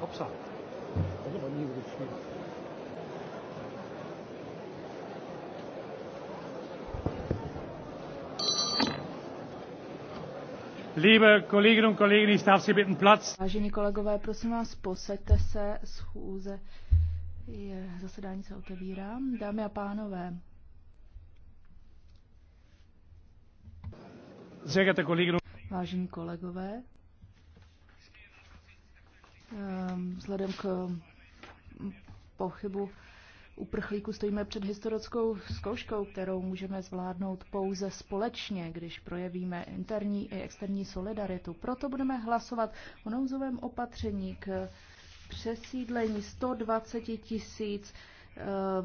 Hopsa. Liebe Kolleginnen und Kollegen, ich darf Sie bitten Platz. Vážení kolegové, prosím vás, posaďte se, schůze je, zasedání se otevírá. Dámy a pánové, Vážení kolegové, vzhledem k mm, pochybu uprchlíku stojíme před historickou zkouškou, kterou můžeme zvládnout pouze společně, když projevíme interní i externí solidaritu. Proto budeme hlasovat o nouzovém opatření k přesídlení 120 tisíc eh,